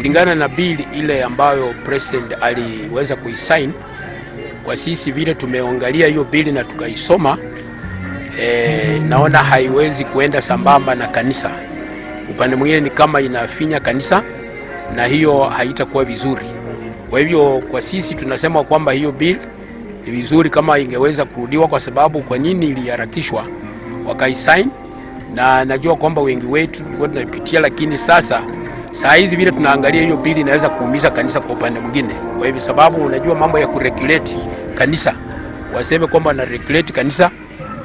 kulingana na bili ile ambayo president aliweza kuisign. Kwa sisi vile tumeangalia hiyo bili na tukaisoma, e, naona haiwezi kuenda sambamba na kanisa. Upande mwingine ni kama inafinya kanisa, na hiyo haitakuwa vizuri. Kwa hivyo kwa sisi tunasema kwamba hiyo bili ni vizuri kama ingeweza kurudiwa, kwa sababu kwa nini iliharakishwa wakaisign, na najua kwamba wengi wetu tulikuwa tunaipitia, lakini sasa Saa hizi vile tunaangalia hiyo bili inaweza kuumiza kanisa kwa upande mwingine, kwa hivyo sababu unajua mambo ya kuregulate kanisa, waseme kwamba na regulate kanisa,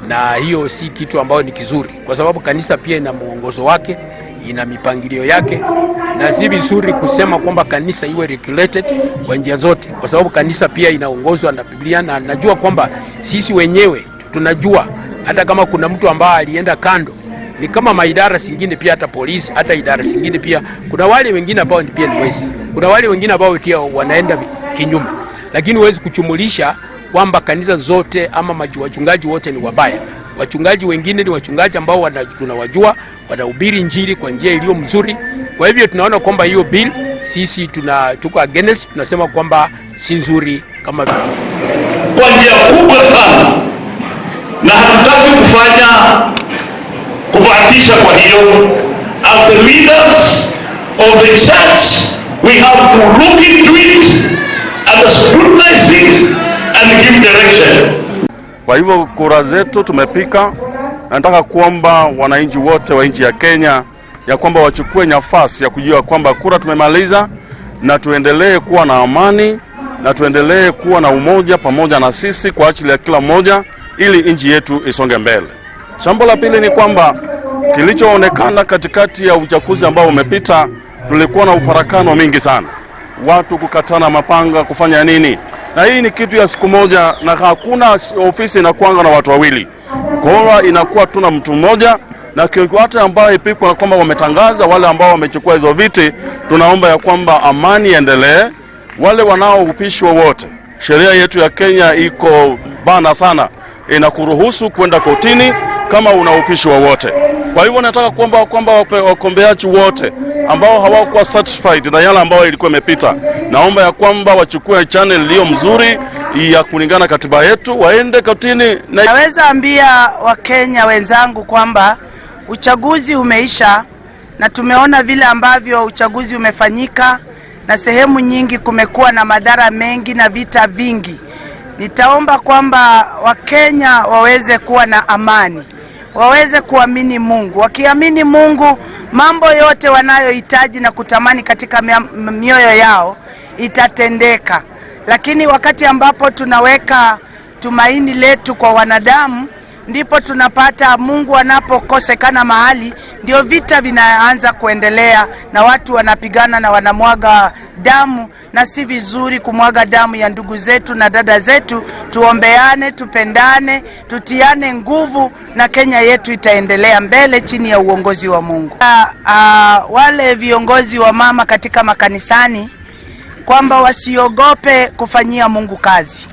na hiyo si kitu ambayo ni kizuri, kwa sababu kanisa pia ina mwongozo wake, ina mipangilio yake, na si vizuri kusema kwamba kanisa iwe regulated kwa njia zote, kwa sababu kanisa pia inaongozwa na Biblia, na najua kwamba sisi wenyewe tunajua hata kama kuna mtu ambaye alienda kando ni kama maidara singine pia, hata polisi, hata idara singine pia. Kuna wale wengine ambao pia ni wezi, kuna wale wengine ambao pia wanaenda kinyume, lakini huwezi kuchumulisha kwamba kanisa zote ama wachungaji wote ni wabaya. Wachungaji wengine ni wachungaji ambao tunawajua, wanahubiri njiri kwa njia iliyo mzuri. Kwa hivyo tunaona kwamba hiyo bill sisi tuna tuko against, tunasema kwamba si nzuri kama kwa njia kubwa sana, na hatutaki kufanya kubatisha kwa hiyo, as the leaders of the church we have to look into it and scrutinize it and give direction. Kwa hivyo kura zetu tumepika, nataka kuomba wananchi wote wa nchi ya Kenya ya kwamba wachukue nafasi ya kujua kwamba kura tumemaliza, na tuendelee kuwa na amani na tuendelee kuwa na umoja pamoja na sisi kwa ajili ya kila mmoja, ili nchi yetu isonge mbele. Jambo la pili ni kwamba kilichoonekana katikati ya uchaguzi ambao umepita, tulikuwa na ufarakano mingi sana, watu kukatana mapanga kufanya nini, na hii ni kitu ya siku moja, na hakuna ofisi inakuanga na watu wawili. Kura inakuwa tuna mtu mmoja na kiwate ambao ipikwa na kwamba wametangaza wale ambao wamechukua hizo viti, tunaomba ya kwamba amani iendelee. Wale wanaoupishwa wote, sheria yetu ya Kenya iko bana sana, inakuruhusu kwenda kotini kama una upishi wowote. Kwa hivyo nataka kuomba kwamba wakombeaji wote ambao hawakuwa satisfied na yale ambayo ilikuwa imepita, naomba ya kwamba wachukue channel iliyo mzuri ya kulingana katiba yetu, waende kotini. Na... naweza ambia Wakenya wenzangu kwamba uchaguzi umeisha na tumeona vile ambavyo uchaguzi umefanyika, na sehemu nyingi kumekuwa na madhara mengi na vita vingi. Nitaomba kwamba Wakenya waweze kuwa na amani waweze kuamini Mungu. Wakiamini Mungu, mambo yote wanayohitaji na kutamani katika mioyo yao itatendeka. Lakini wakati ambapo tunaweka tumaini letu kwa wanadamu ndipo tunapata Mungu anapokosekana mahali, ndio vita vinaanza kuendelea na watu wanapigana na wanamwaga damu, na si vizuri kumwaga damu ya ndugu zetu na dada zetu. Tuombeane, tupendane, tutiane nguvu, na Kenya yetu itaendelea mbele chini ya uongozi wa Mungu. A, a, wale viongozi wa mama katika makanisani kwamba wasiogope kufanyia Mungu kazi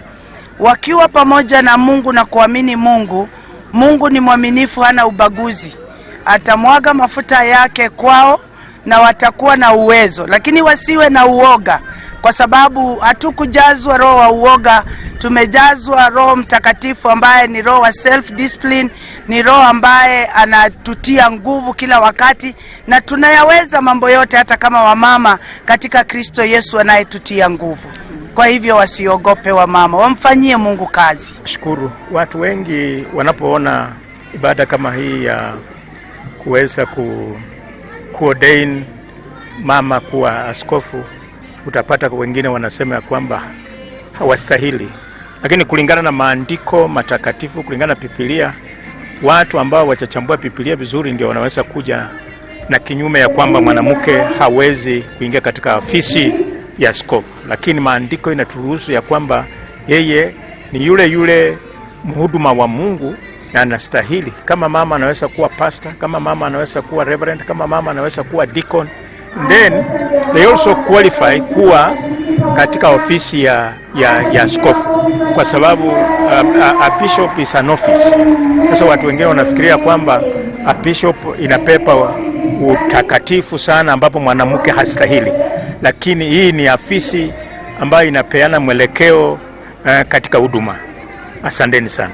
wakiwa pamoja na Mungu na kuamini Mungu. Mungu ni mwaminifu, hana ubaguzi, atamwaga mafuta yake kwao na watakuwa na uwezo, lakini wasiwe na uoga, kwa sababu hatukujazwa roho wa uoga. Tumejazwa Roho Mtakatifu ambaye ni roho wa self discipline, ni roho ambaye anatutia nguvu kila wakati, na tunayaweza mambo yote, hata kama wamama katika Kristo Yesu anayetutia nguvu. Kwa hivyo wasiogope, wa mama wamfanyie Mungu kazi. Shukuru watu wengi wanapoona ibada kama hii ya kuweza ku, kuordain mama kuwa askofu, utapata wengine wanasema ya kwamba hawastahili, lakini kulingana na maandiko matakatifu, kulingana na Biblia, watu ambao wachachambua Biblia vizuri ndio wanaweza kuja na kinyume ya kwamba mwanamke hawezi kuingia katika afisi ya askofu, lakini maandiko inaturuhusu ya kwamba yeye ni yule yule mhuduma wa Mungu na anastahili. Kama mama anaweza kuwa pastor, kama mama anaweza kuwa reverend, kama mama anaweza kuwa deacon. Then they also qualify kuwa katika ofisi ya, ya, ya askofu kwa sababu a, uh, a, uh, a bishop is an office. Sasa watu wengine wanafikiria kwamba a bishop inapepa utakatifu sana ambapo mwanamke hastahili lakini hii ni afisi ambayo inapeana mwelekeo uh, katika huduma. Asanteni sana.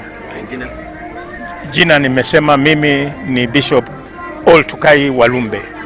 Jina nimesema mimi ni Bishop Oltukai Walumbe.